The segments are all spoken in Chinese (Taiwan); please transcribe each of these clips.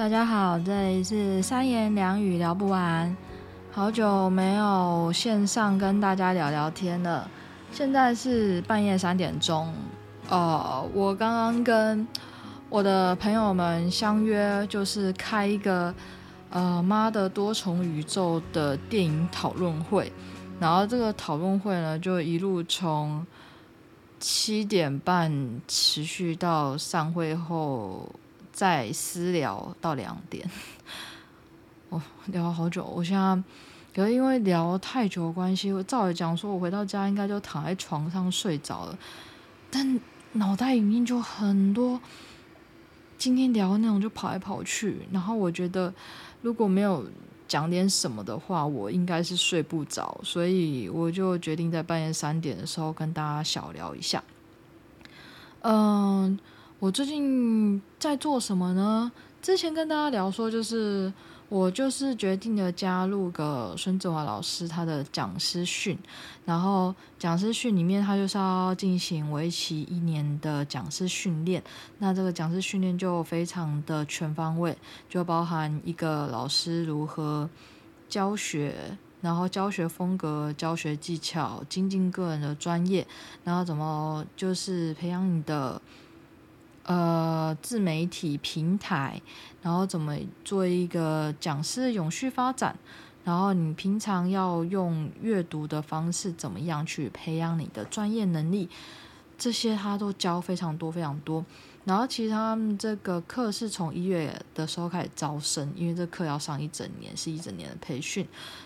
大家好，這裡是三妍良語聊不完。好久沒有線上跟大家聊聊天了。現在是半夜三點鐘，呃，我剛剛跟我的朋友們相約，就是開一個呃《媽的多重宇宙》的電影討論會。然後這個討論會呢，就一路從七點半持續到散會後。再私聊到兩點，哦，聊了好久。我現在可是因為聊太久的關係，我照理講說，我回到家應該就躺在床上睡着了。但腦袋裡面就很多今天聊的內容，就跑來跑去。然後我覺得如果沒有講點什麼的話，我應該是睡不着。所以我就決定在半夜三點的時候跟大家小聊一下。嗯。我最近在做什麼呢？之前跟大家聊說，就是我就是決定的加入個孫智華老師他的講師訓，然後講師訓裡面他就是要進行為期一年的講師訓練。那這個講師訓練就非常的全方位，就包含一個老師如何教學，然後教學風格、教學技巧、精進個人的專業，然後怎麼就是培養你的。呃，自媒體平台，然後怎麼做一個講師的永續發展？然後你平常要用閱讀的方式怎麼樣去培養你的專業能力？這些他都教非常多非常多。然後其實他們這個課是從一月的時候開始招生，因為這個課要上一整年，是一整年的培訓。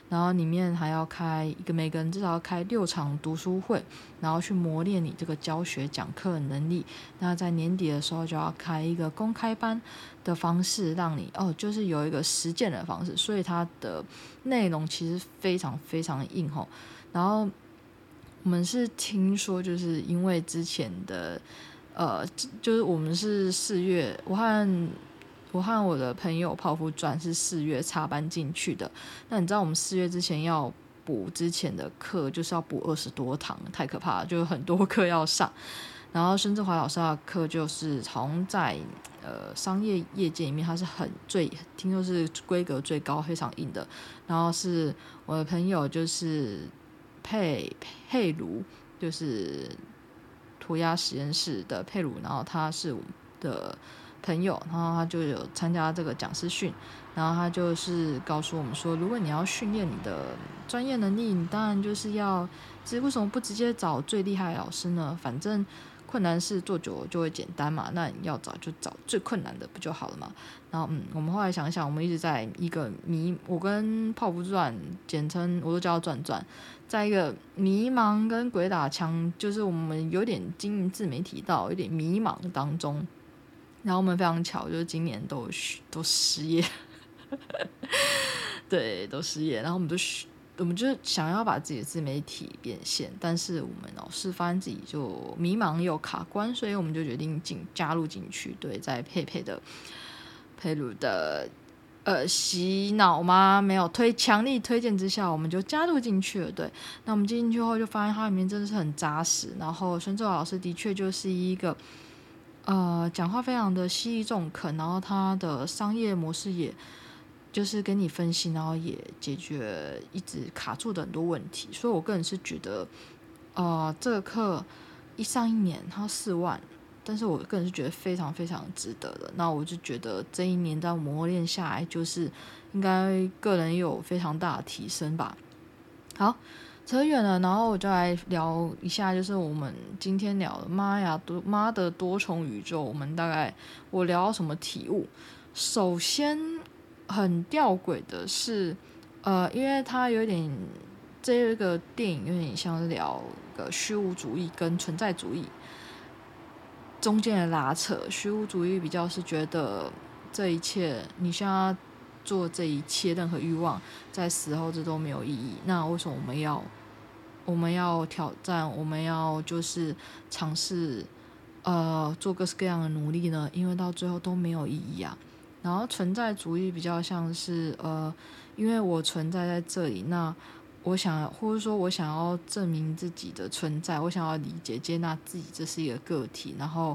然後裡面還要開一個，每個人至少要開六場讀書會，然後去磨練你這個教學講課的能力。那在年底的時候就要開一個公開班的方式，讓你哦，就是有一個實踐的方式。所以它的內容其實非常非常硬吼。然後我們是聽說，就是因為之前的。呃，就是我們是四月，我和我和我的朋友泡芙轉是四月插班進去的。那你知道我們四月之前要補之前的課，就是要補二十多堂，太可怕了，就很多課要上。然後孫智華老師的課就是從在呃商業業界裡面，他是很最聽說是規格最高、非常硬的。然後是我的朋友就是佩佩盧，就是。塗鴉實驗室的佩魯，然後他是我的朋友，然後他就有參加這個講師訓，然後他就是告訴我們說，如果你要訓練你的專業能力，你當然就是要，其實為什麼不直接找最厲害的老師呢？反正。困難是做久了就會簡單嘛，那你要找就找最困難的不就好了嘛？然後嗯，我們後來想想，我們一直在一個迷，我跟泡芙轉，簡稱我都叫他轉轉，在一個迷茫跟鬼打牆，就是我們有點經營自媒體到有點迷茫的當中。然後我們非常巧，就是今年都都失業， 對，都失業，然後我們就。我們就是想要把自己的自媒體變現，但是我們老是發現自己就迷茫又卡關，所以我們就決定進加入進去。對，在佩佩的佩魯的呃洗腦嗎？沒有推強力推薦之下，我們就加入進去了。對，那我們進去後就發現他裡面真的是很紮實，然後孫智華老師的確就是一個呃講話非常的犀利中肯，然後他的商業模式也。就是跟你分析，然後也解決一直卡住的很多問題，所以我個人是覺得，啊、呃，這個課一上一年，它四萬，但是我個人是覺得非常非常值得的。那我就覺得這一年在磨練下來，就是應該個人有非常大的提升吧。好，扯遠了，然後我就來聊一下，就是我們今天聊的，媽呀，多媽的多重宇宙，我們大概我聊什麼體悟？首先。很吊詭的是，呃，因為它有點這個電影有點像聊個虛無主義跟存在主義中間的拉扯。虛無主義比較是覺得這一切，你現在做這一切任何欲望，在死後這都沒有意義。那為什麼我們要我們要挑戰，我們要就是嘗試呃做各式各樣的努力呢？因為到最後都沒有意義啊。然後存在主義比較像是，呃，因為我存在在這裡，那我想，或者說我想要證明自己的存在，我想要理解接納自己，這是一個個體，然後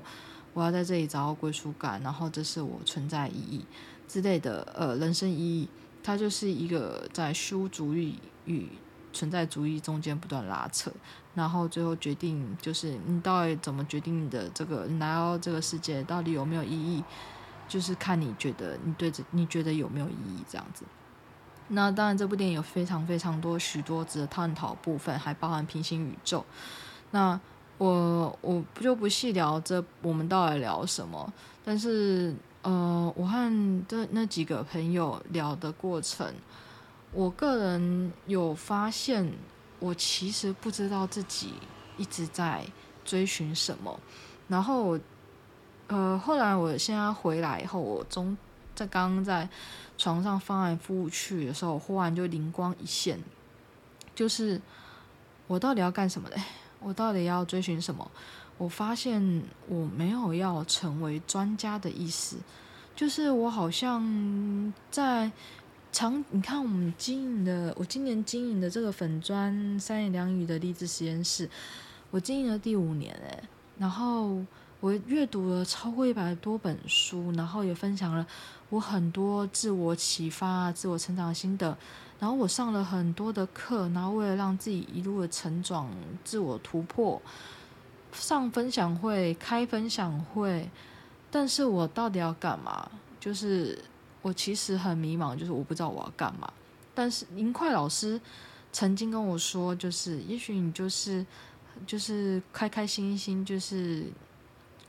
我要在這裡找到歸屬感，然後這是我存在意義之類的，呃，人生意義，它就是一個在虛無主義與存在主義中間不斷拉扯，然後最後決定就是你到底怎麼決定你的這個，你來到這個世界到底有沒有意義？就是看你覺得你對這，你覺得有沒有意義這樣子。那當然，這部電影有非常非常多許多值得探討的部分，還包含平行宇宙。那我我不就不細聊這，我們到底聊什麼。但是呃，我和這那幾個朋友聊的過程，我個人有發現，我其實不知道自己一直在追尋什麼，然後。呃，後來我現在回來以後，我中在剛剛在床上翻來覆去的時候，我忽然就靈光一現，就是我到底要幹什麼嘞？我到底要追尋什麼？我發現我沒有要成為專家的意思，就是我好像在長，你看我們經營的，我今年經營的這個粉專三妍良語的勵志實驗室，我經營了第五年哎，然後。我閱讀了超過一百多本書，然後也分享了我很多自我啟發啊、自我成長的心得。然後我上了很多的課，然後為了讓自己一路的成長、自我突破，上分享會、開分享會。但是我到底要幹嘛？就是我其實很迷茫，就是我不知道我要幹嘛。但是銀塊老師曾經跟我說，就是也許你就是就是開開心心就是。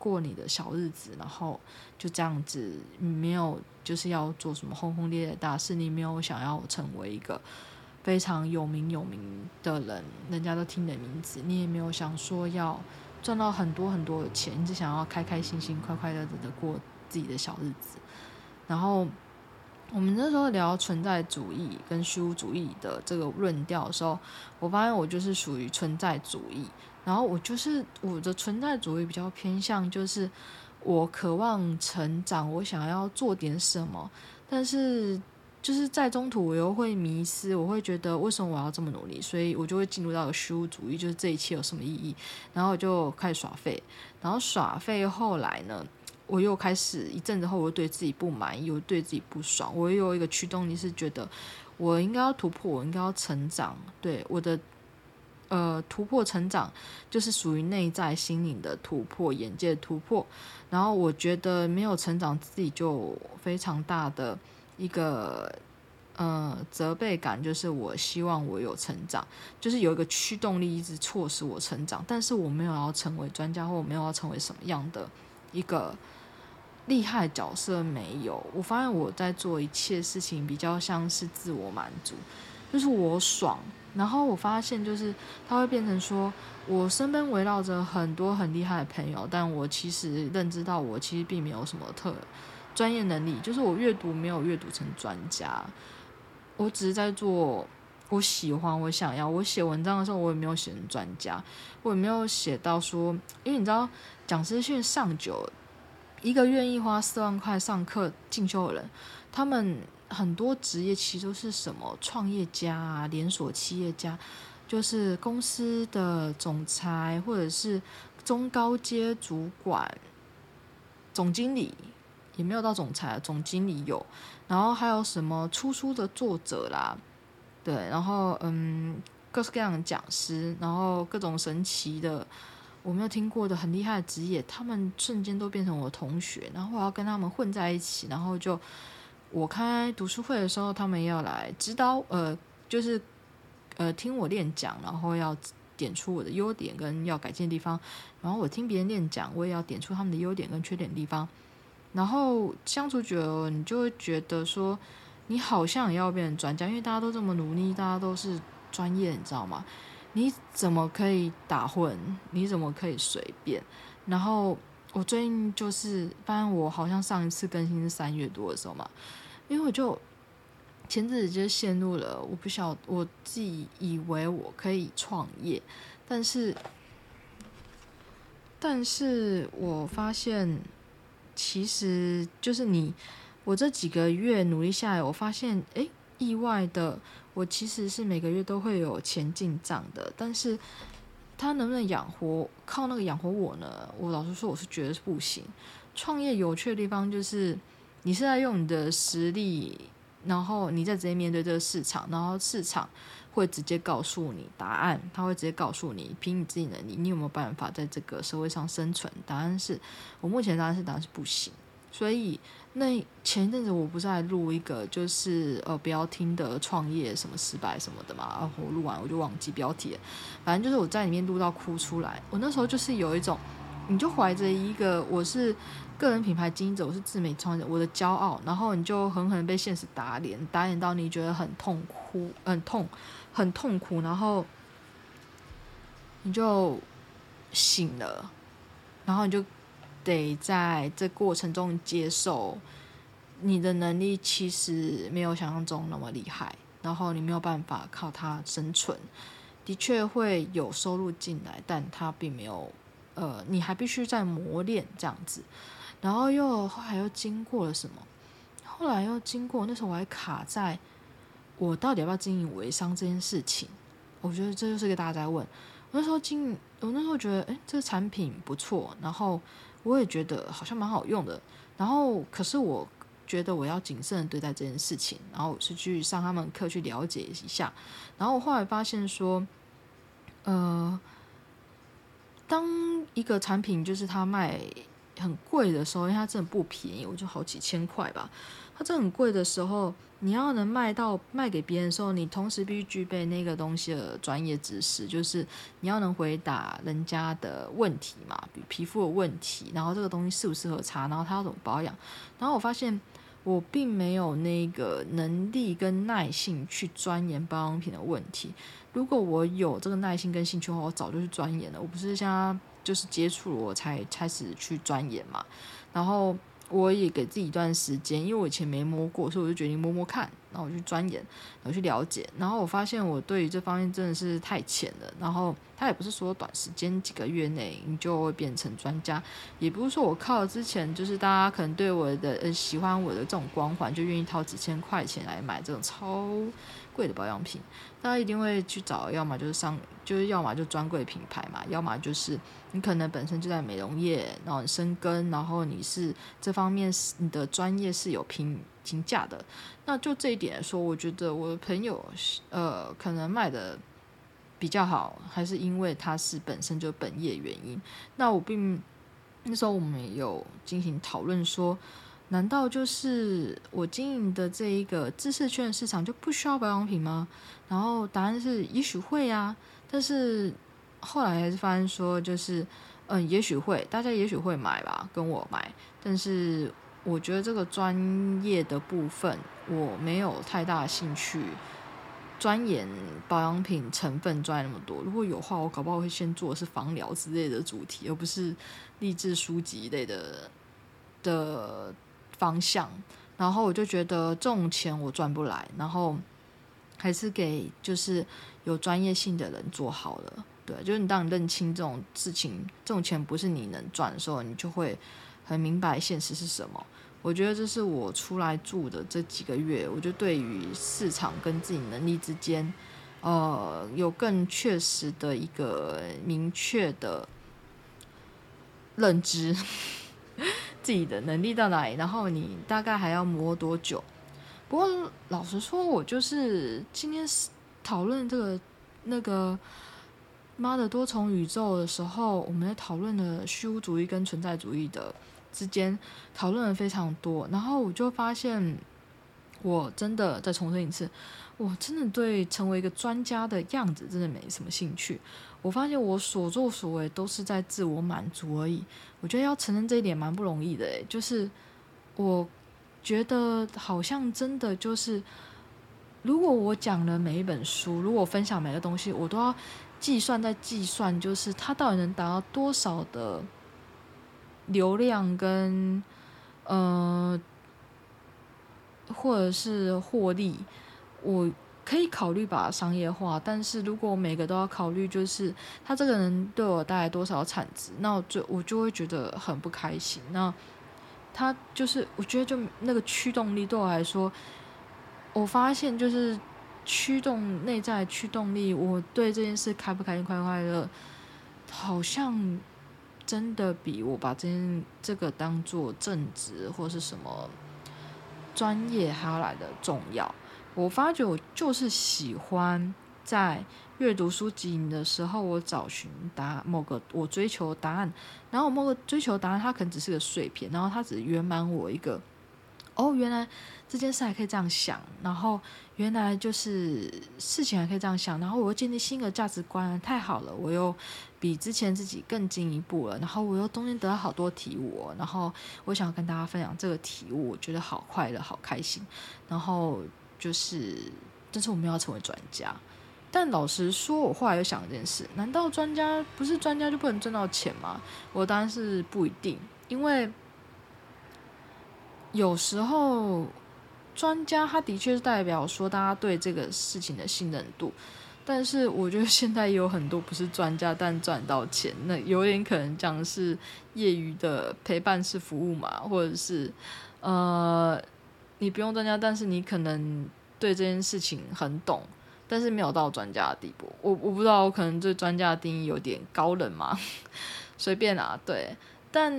過你的小日子，然後就這樣子，你沒有就是要做什麼轟轟烈烈大事，你沒有想要成為一個非常有名有名的人，人家都聽你的名字，你也沒有想說要賺到很多很多錢，你只想要開開心心、快快樂樂的過自己的小日子。然後我們那時候聊存在主義跟虛無主義的這個論調的時候，我發現我就是屬於存在主義。然後我就是我的存在主義比較偏向，就是我渴望成長，我想要做點什麼，但是就是在中途我又會迷失，我會覺得為什麼我要這麼努力，所以我就會進入到虛無主義，就是這一切有什麼意義？然後我就開始耍廢，然後耍廢後來呢，我又開始一陣子後，我又對自己不滿意，又對自己不爽，我又有一個驅動力是覺得我應該要突破，我應該要成長，對我的。呃，突破成長就是屬於內在心靈的突破，眼界突破。然後我覺得沒有成長，自己就非常大的一個呃責備感。就是我希望我有成長，就是有一個驅動力一直促使我成長。但是我沒有要成為專家，或我沒有要成為什麼樣的一個厲害角色，沒有。我發現我在做一切事情比較像是自我滿足，就是我爽。然後我發現，就是他會變成說，我身邊圍繞着很多很厲害的朋友，但我其實認知到我，我其實並沒有什麼特專業能力，就是我閱讀沒有閱讀成專家，我只是在做我喜歡，我想要。我寫文章的時候，我也沒有寫成專家，我也沒有寫到說，因為你知道，講師訓上酒一個願意花四萬塊上課進修的人，他們。很多職業其實都是什麼創業家啊，連鎖企業家，就是公司的總裁或者是中高階主管、總經理，也沒有到總裁，總經理有。然後還有什麼出書的作者啦，對，然後嗯，各式各樣的講師，然後各種神奇的我沒有聽過的很厲害的職業，他們瞬間都變成我的同學，然後我要跟他們混在一起，然後就。我開讀書會的時候，他們要來指導，呃，就是，呃，聽我練講，然後要點出我的優點跟要改進的地方。然後我聽別人練講，我也要點出他們的優點跟缺點的地方。然後相處久了，你就會覺得說，你好像也要變成專家，因為大家都這麼努力，大家都是專業，你知道嗎？你怎麼可以打混？你怎麼可以隨便？然後我最近就是發現，我好像上一次更新是三月多的時候嘛。因為我就前陣子就陷入了，我不曉我自己以為我可以創業，但是，但是我發現其實就是你，我這幾個月努力下來，我發現誒，意外的我其實是每個月都會有錢進賬的，但是它能不能養活、靠那個養活我呢？我老實說，我是覺得是不行。創業有趣的地方就是。你現在用你的實力，然後你再直接面對這個市場，然後市場會直接告訴你答案，他會直接告訴你，憑你自己能力，你有沒有辦法在這個社會上生存？答案是，我目前的答案是答案是不行。所以那前一陣子我不是還錄一個就是呃不要聽的創業什麼失敗什麼的嘛？然後我錄完我就忘記標題了，反正就是我在裡面錄到哭出來。我那時候就是有一種，你就懷着一個我是。個人品牌經營者，我是自媒體創業者，我的驕傲。然後你就狠狠被現實打臉，打臉到你覺得很痛苦、很痛、很痛苦。然後你就醒了，然後你就得在這過程中接受你的能力其實沒有想象中那麼厲害。然後你沒有辦法靠它生存，的確會有收入進來，但它並沒有。呃，你還必須再磨練這樣子。然後又後來又經過了什麼？後來又經過那時候我還卡在我到底要不要經營微商這件事情。我覺得這就是一個大家在問。我那時候經，我那時候覺得，誒這個產品不錯，然後我也覺得好像蠻好用的。然後可是我覺得我要謹慎對待這件事情。然後我是去上他們課去了解一下。然後我後來發現說，呃，當一個產品就是他賣。很貴的時候，因為它真的不便宜，我就好幾千塊吧。它真的很貴的時候，你要能賣到賣給別人的時候，你同時必須具備那個東西的專業知識，就是你要能回答人家的問題嘛，比如皮膚的問題，然後這個東西適不適合擦，然後它要怎麼保養。然後我發現我並沒有那個能力跟耐心去鑽研保養品的問題。如果我有這個耐心跟興趣的話，我早就去鑽研了。我不是像。就是接觸了我才開始去鑽研嘛，然後我也給自己一段時間，因為我以前沒摸過，所以我就決定摸摸看，然後我去鑽研，我去了解，然後我發現我對於這方面真的是太淺了，然後它也不是說短時間幾個月內你就會變成專家，也不是說我靠之前就是大家可能對我的，呃，喜歡我的這種光環就願意掏幾千塊錢來買這種超貴的保養品。大家一定會去找，要麼就是商，就是要麼就專櫃品牌嘛，要麼就是你可能本身就在美容業，然後你深耕，然後你是這方面是你的專業是有評評價的，那就這一點來說，我覺得我的朋友呃，可能賣的比較好，還是因為它是本身就本業原因。那我並那時候我們有進行討論說，難道就是我經營的這一個知識圈市場就不需要保養品嗎？然後答案是也許會啊，但是後來還是發現說就是嗯、呃，也許會，大家也許會買吧，跟我買。但是我覺得這個專業的部分我沒有太大興趣，鑽研保養品成分鑽那麼多。如果有話，我搞不好會先做是芳療之類的主題，而不是勵志書籍類的的方向，然後我就覺得這種錢我賺不來，然後還是給就是有專業性的人做好了。對，就是你當你認清這種事情，這種錢不是你能賺的時候，你就會很明白現實是什麼。我覺得這是我出來住的這幾個月，我就對於市場跟自己能力之間，呃，有更確實的一個明確的認知。自己的能力到哪裡，然後你大概還要磨多久？不過老實說，我就是今天討論這個那個媽的多重宇宙的時候，我們在討論的虛無主義跟存在主義的之間討論了非常多，然後我就發現，我真的再重申一次。我真的對成為一個專家的樣子真的沒什麼興趣。我發現我所作所為都是在自我滿足而已。我覺得要承認這一點蠻不容易的。哎，就是我覺得好像真的就是，如果我講了每一本書，如果我分享每個東西，我都要計算再計算，就是它到底能達到多少的流量跟呃，或者是獲利。我可以考慮把它商業化，但是如果每個都要考慮，就是他這個人對我帶來多少產值，那我就我就會覺得很不開心。那他就是我覺得就那個驅動力對我來說，我發現就是驅動內在驅動力，我對這件事開不開心、快不快樂，好像真的比我把這件這個當做正職或是什麼專業還要來的重要。我發覺我就是喜歡在閱讀書籍的時候，我找尋答案，某個我追求答案，然後某個追求答案，它可能只是個碎片，然後它只圓滿我一個。哦，原來這件事還可以這樣想，然後原來就是事情還可以這樣想，然後我又建立新的價值觀，太好了，我又比之前自己更進一步了，然後我又今天得到好多體悟，我然後我想跟大家分享這個體悟，我覺得好快樂，好開心，然後。就是，但是我們要成為專家。但老實說，我後來又想一件事：難道專家不是專家就不能賺到錢嗎？我當然是不一定，因為有時候專家他的確是代表說大家對這個事情的信任度。但是我覺得現在也有很多不是專家，但賺到錢，那有點可能講是業餘的陪伴式服務嘛，或者是呃。你不用專家，但是你可能對這件事情很懂，但是沒有到專家的地步。我我不知道，我可能對專家的定義有點高冷嘛，隨 便啊。對，但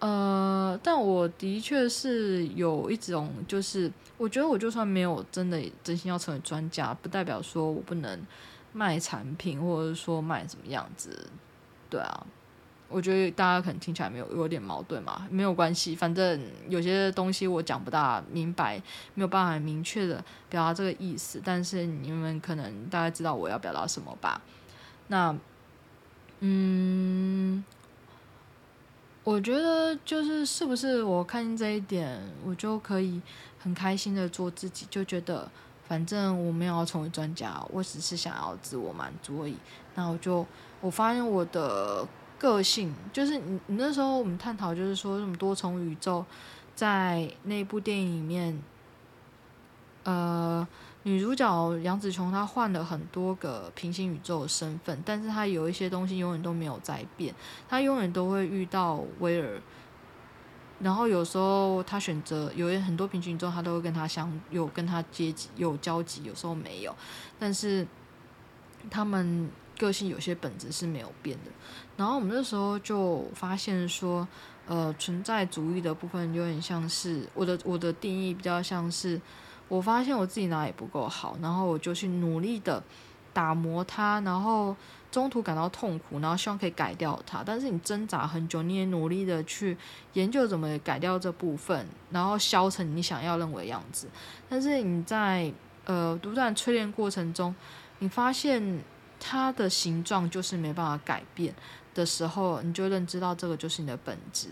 呃，但我的確是有一種，就是我覺得我就算沒有真的真心要成為專家，不代表說我不能賣產品，或者說賣什麼樣子，對啊。我覺得大家可能聽起來沒有有點矛盾嘛，沒有關係，反正有些東西我講不大明白，沒有辦法很明確的表達這個意思，但是你們可能大概知道我要表達什麼吧。那，嗯，我覺得就是是不是我看見這一點，我就可以很開心的做自己，就覺得反正我沒有要成為專家，我只是想要自我滿足而已。那我就我發現我的。個性就是你，你那時候我們探討就是說什麼多重宇宙，在那部電影裡面，呃，女主角楊紫瓊她換了很多個平行宇宙的身份，但是她有一些東西永遠都沒有在變，她永遠都會遇到威爾，然後有時候她選擇有很多平行宇宙，她都會跟她相有跟她接有交集，有時候沒有，但是他們。個性有些本質是沒有變的，然後我們那時候就發現說，呃，存在主義的部分有點像是我的我的定義比較像是，我發現我自己哪裡不夠好，然後我就去努力的打磨它，然後中途感到痛苦，然後希望可以改掉它。但是你掙扎很久，你也努力的去研究怎麼改掉這部分，然後削成你想要認為的樣子。但是你在呃不斷淬鍊過程中，你發現。它的形狀就是沒辦法改變的時候，你就認知到這個就是你的本質。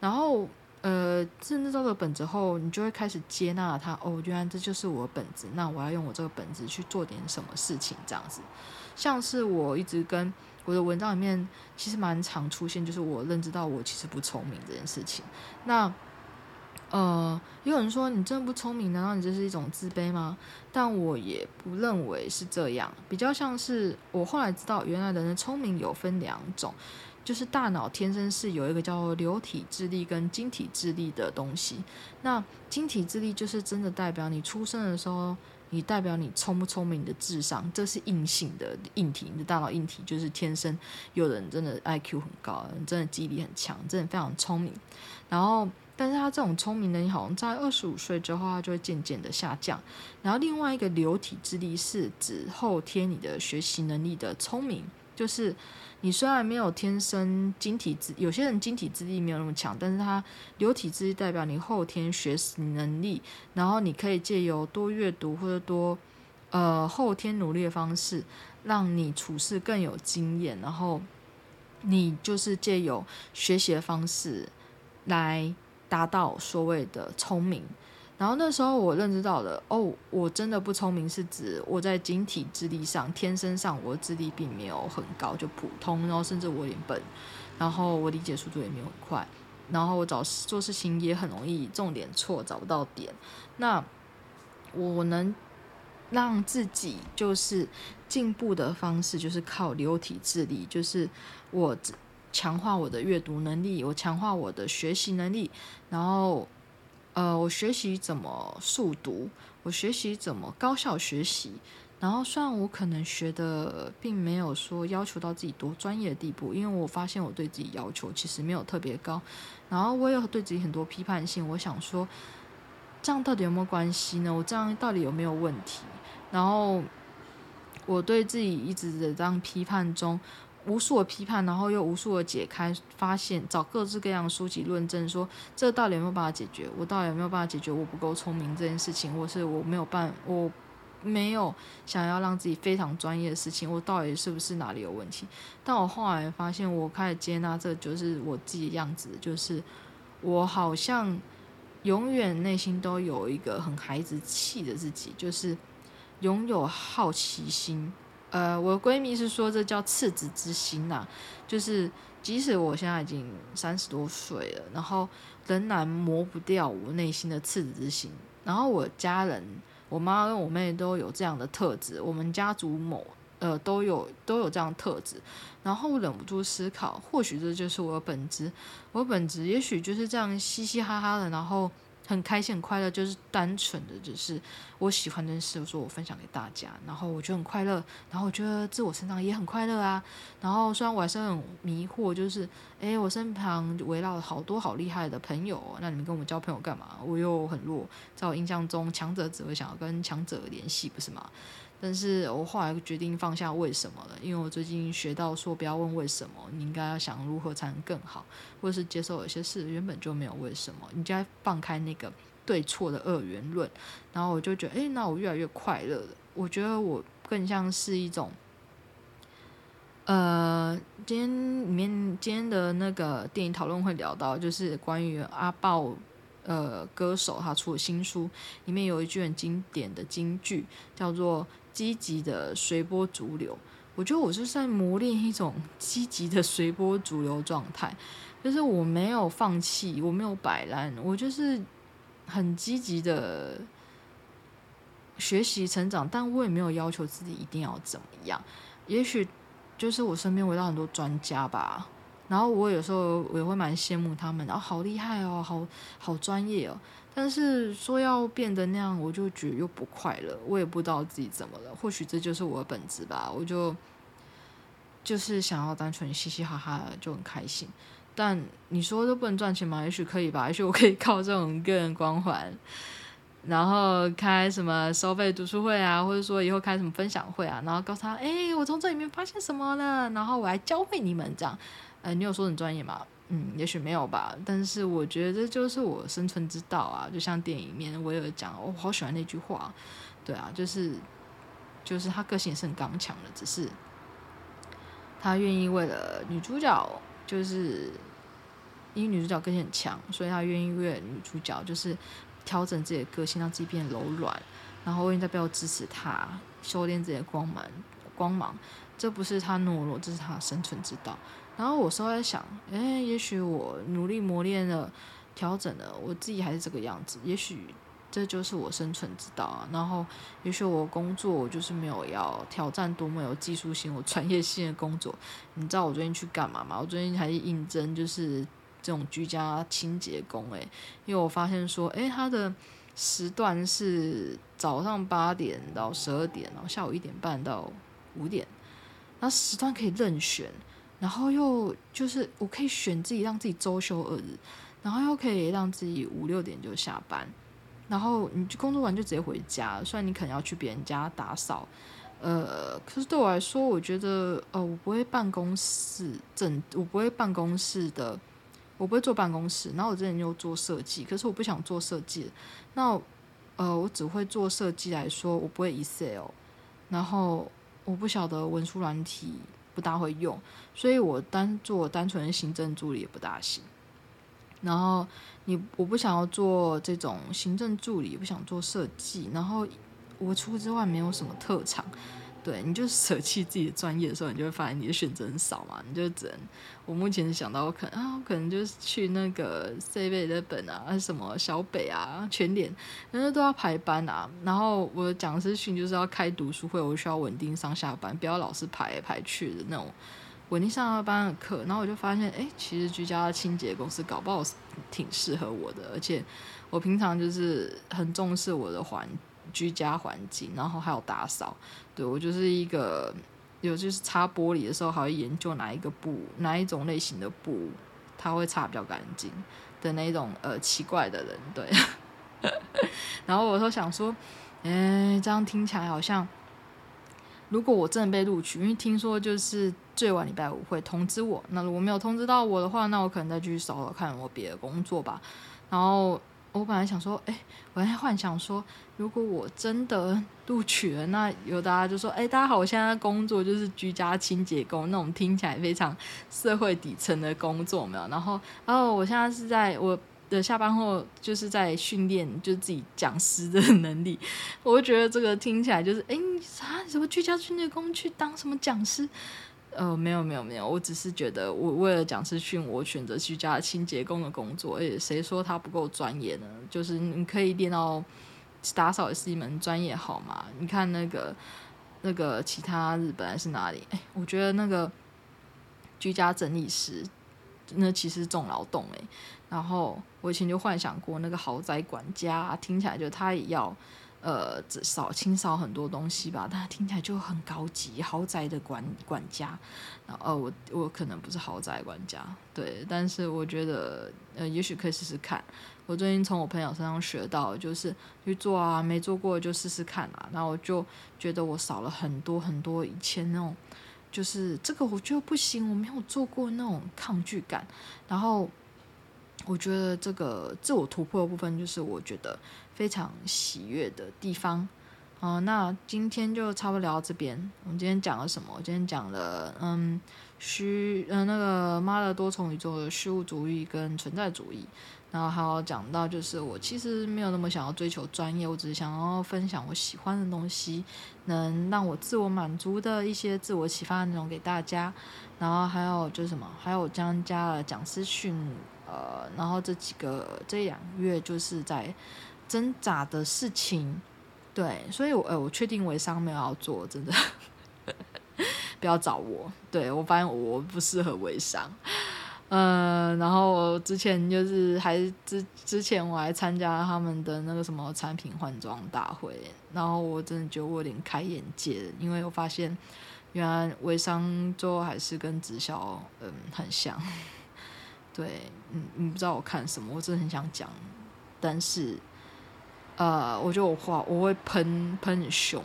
然後，呃，認知到這個本質後，你就會開始接納它。哦，原來這就是我的本質，那我要用我這個本質去做點什麼事情，這樣子。像是我一直跟我的文章裡面，其實蠻常出現，就是我認知到我其實不聰明這件事情。那呃，也有人說你真的不聰明，難道你這是一種自卑嗎？但我也不認為是這樣，比較像是我後來知道，原來人的聰明有分兩種，就是大腦天生是有一個叫流體智力跟晶體智力的東西。那晶體智力就是真的代表你出生的時候，你代表你聰不聰明的智商，這是硬性的硬體，你的大腦硬體就是天生有人真的 IQ 很高，有人真的記憶力很強，真的非常聰明，然後。但是他這種聰明的人，好像在二十五歲之後，他就會漸漸的下降。然後另外一個流體智力是指後天你的學習能力的聰明，就是你雖然沒有天生晶體智，有些人晶體智力沒有那麼強，但是他流體智力代表你後天學習能力。然後你可以借由多閱讀或者多呃後天努力的方式，讓你處事更有經驗。然後你就是借由學習的方式來。達到所謂的聰明，然後那時候我認知到了。哦，我真的不聰明，是指我在晶體智力上，天生上我的智力並沒有很高，就普通，然後甚至我有點笨，然後我理解速度也沒有很快，然後我找做事情也很容易重點錯，找不到點。那我能讓自己就是進步的方式，就是靠流體智力，就是我，強化我的閱讀能力，我強化我的學習能力，然後，呃，我學習怎麼速讀，我學習怎麼高效學習。然後，雖然我可能學的並沒有說要求到自己多專業的地步，因為我發現我對自己要求其實沒有特別高，然後我有對自己很多批判性，我想說，這樣到底有沒有關係呢？我這樣到底有沒有問題？然後，我對自己一直在這樣批判中。無數的批判，然後又無數的解開，發現找各式各樣書籍論證，說這到底有沒有辦法解決？我到底有沒有辦法解決？我不夠聰明這件事情，或是我沒有辦，我沒有想要讓自己非常專業的事情，我到底是不是哪裡有問題？但我後來發現，我開始接納這就是我自己的樣子，就是我好像永遠內心都有一個很孩子氣的自己，就是擁有好奇心。呃，我閨蜜是說這叫赤子之心吶，就是即使我現在已經三十多歲了，然後仍然磨不掉我內心的赤子之心。然後我家人，我媽跟我妹都有這樣的特質，我們家族某呃都有都有這樣的特質。然後我忍不住思考，或許這就是我的本質，我的本質也許就是這樣嘻嘻哈哈的，然後。很開心，很快樂，就是單純的，就是我喜歡的事，我說我分享給大家，然後我覺得很快樂，然後我覺得自我成長也很快樂啊，然後雖然我還是很迷惑，就是，誒，我身旁圍繞了好多好厲害的朋友，那你們跟我們交朋友幹嘛？我又很弱，在我印象中，強者只會想要跟強者聯繫，不是嗎？但是我後來決定放下為什麼了，因為我最近學到說，不要問為什麼，你應該要想如何才能更好，或是接受有些事原本就沒有為什麼，你就要放開那個對錯的二元論。然後我就覺得，哎、欸，那我越來越快樂了。我覺得我更像是一種，呃，今天裡面今天的那個電影討論會聊到，就是關於阿豹，呃，歌手他出的新書裡面有一句很經典的金句，叫做。積極的隨波逐流，我覺得我就是在磨練一種積極的隨波逐流狀態，就是我沒有放棄，我沒有擺爛，我就是很積極的學習成長，但我也沒有要求自己一定要怎麼樣。也許就是我身邊圍到很多專家吧，然後我有時候我也會蠻羨慕他們，然後好厲害哦，好好專業哦。但是說要變得那樣，我就覺得又不快樂。我也不知道自己怎麼了。或許這就是我的本質吧。我就就是想要單純嘻嘻哈哈的，就很開心。但你說都不能賺錢嗎？也許可以吧。也許我可以靠這種個人光環，然後開什麼收費讀書會啊，或者說以後開什麼分享會啊，然後告訴他：“誒，我從這裡面發現什麼了，然後我還教會你們這樣。”呃，你有說很專業嗎？嗯，也許沒有吧，但是我覺得這就是我生存之道啊，就像電影裡面我有講，我，哦，好喜歡那句話，啊，對啊，就是，就是他個性也是很剛強的，只是他願意為了女主角，就是因為女主角個性很強，所以他願意為了女主角就是調整自己的個性，讓自己變得柔軟，然後為了背後支持他，修煉自己的光芒光芒，這不是他懦弱，這是他生存之道。然後我稍微想，哎、欸，也許我努力磨練了、調整了，我自己還是這個樣子。也許這就是我生存之道。啊，然後，也許我工作我就是沒有要挑戰多麼有技術性、或專業性的工作。你知道我最近去幹嘛嗎？我最近還是應徵，就是這種居家清潔工、欸。誒，因為我發現說，哎、欸，他的時段是早上八點到十二點，然後下午一點半到五點，那時段可以任選。然後又就是我可以選自己，讓自己周休二日，然後又可以讓自己五六點就下班，然後你就工作完就直接回家。雖然你可能要去別人家打掃，呃，可是對我來說，我覺得呃，我不會辦公室整，我不會辦公室的，我不會做辦公室。然後我之前又做設計，可是我不想做設計。那呃，我只會做設計來說，我不會 Excel，然後我不曉得文書軟體。不大會用，所以我單做單純的行政助理也不大行。然後你我不想要做這種行政助理，也不想做設計。然後我除此之外沒有什麼特長。對，你就捨棄自己的專業的時候，你就會發現你的選擇很少嘛。你就只能，我目前想到，我可能啊，可能就是去那個台北的本啊，還是什麼小北啊、全聯，人家都要排班啊。然後我講師訓就是要開讀書會，我需要穩定上下班，不要老是排來排去的那種穩定上下班的課。然後我就發現，哎，其實居家的清潔公司搞不好挺適合我的，而且我平常就是很重視我的環居家環境，然後還有打掃。我就是一個，有，就是擦玻璃的時候，還會研究哪一個布、哪一種類型的布，它會擦比較乾淨的那種，呃，奇怪的人。對。 然後我說想說，哎，這樣聽起來好像，如果我真的被錄取，因為聽說就是最晚禮拜五會通知我。那如果沒有通知到我的話，那我可能再繼續找找看我別的工作吧。然後我本來想說，哎，我還在幻想說。如果我真的錄取了，那有大家就說：“哎、欸，大家好，我現在的工作就是居家清潔工，那種聽起來非常社會底層的工作，沒有？然後，然、哦、後我現在是在我的下班後就是在訓練，就是、自己講師的能力。我就覺得這個聽起來就是，哎、欸，啥什麼居家清潔工去當什麼講師？呃，沒有，沒有，沒有，我只是覺得我為了講師訓，我選擇居家清潔工的工作，而且誰說他不夠專業呢？就是你可以練到。”打掃也是一門專業，好嗎？你看那個，那個其他日本還是哪裡？哎、欸，我覺得那個居家整理師，那其實是重勞動哎、欸。然後我以前就幻想過那個豪宅管家，聽起來就他也要，呃，掃清掃很多東西吧。但聽起來就很高級，豪宅的管管家。然後，呃，我我可能不是豪宅管家，對，但是我覺得，呃，也許可以試試看。我最近從我朋友身上學到，就是去做啊，沒做過就試試看啊。然後我就覺得我少了很多很多以前那種，就是這個我就不行，我沒有做過那種抗拒感。然後我覺得這個自我突破的部分，就是我覺得非常喜悅的地方。嗯，那今天就差不多聊到這邊。我們今天講了什麼？我今天講了，嗯，虛，嗯、呃，那個媽的多重宇宙的虛無主義跟存在主義。然後還有講到，就是我其實沒有那麼想要追求專業，我只是想要分享我喜歡的東西，能讓我自我滿足的一些自我啟發的內容給大家。然後還有就是什麼，還有將加了講師訓，呃，然後這幾個這兩個月就是在掙扎的事情，對，所以我我確定微商沒有要做，真的 不要找我，對，我發現我不適合微商。嗯，然後我之前就是還是之之前我還參加他們的那個什麼產品換裝大會，然後我真的覺得我有點開眼界，因為我發現原來微商最後還是跟直銷嗯很像。對，嗯，你不知道我看什麼。我真的很想講，但是呃，我覺得我話我會噴噴很凶，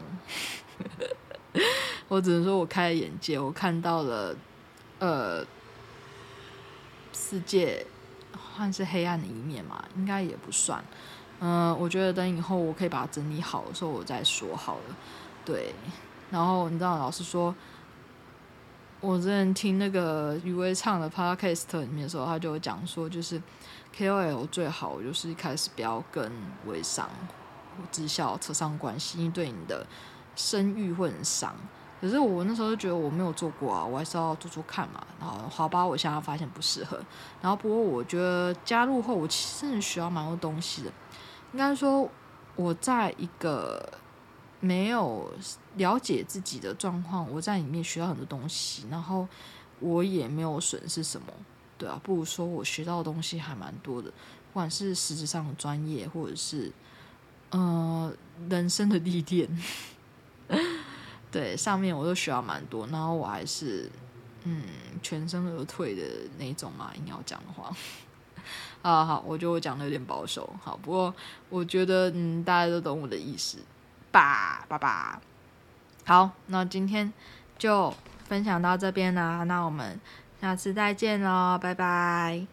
我只能說我開了眼界，我看到了呃。世界算是黑暗的一面嘛，應該也不算。嗯、呃，我覺得等以後我可以把它整理好的時候我再說好了。對，然後你知道老師說，我之前聽那個余威唱的 Podcast 裡面的時候，他就講說，就是 KOL 最好就是一開始不要跟微商，我直銷扯上關係，因為對你的聲譽會很傷。可是我那時候就覺得我沒有做過啊，我還是要做做看嘛。然後，好吧，我現在發現不適合。然後，不過我覺得加入後，我其實真的學到蠻多東西的。應該說，我在一個沒有了解自己的狀況，我在裡面學到很多東西。然後，我也沒有損失什麼，對啊，不如說我學到的東西還蠻多的，不管是實質上的專業，或者是呃人生的歷練。對，上面我都學了蠻多，然後我還是嗯全身而退的那種嘛，應該要講的話 啊，好，我覺得我講的有點保守，好，不過我覺得嗯大家都懂我的意思吧，拜拜，好，那今天就分享到這邊啦，那我們下次再見嘍，拜拜。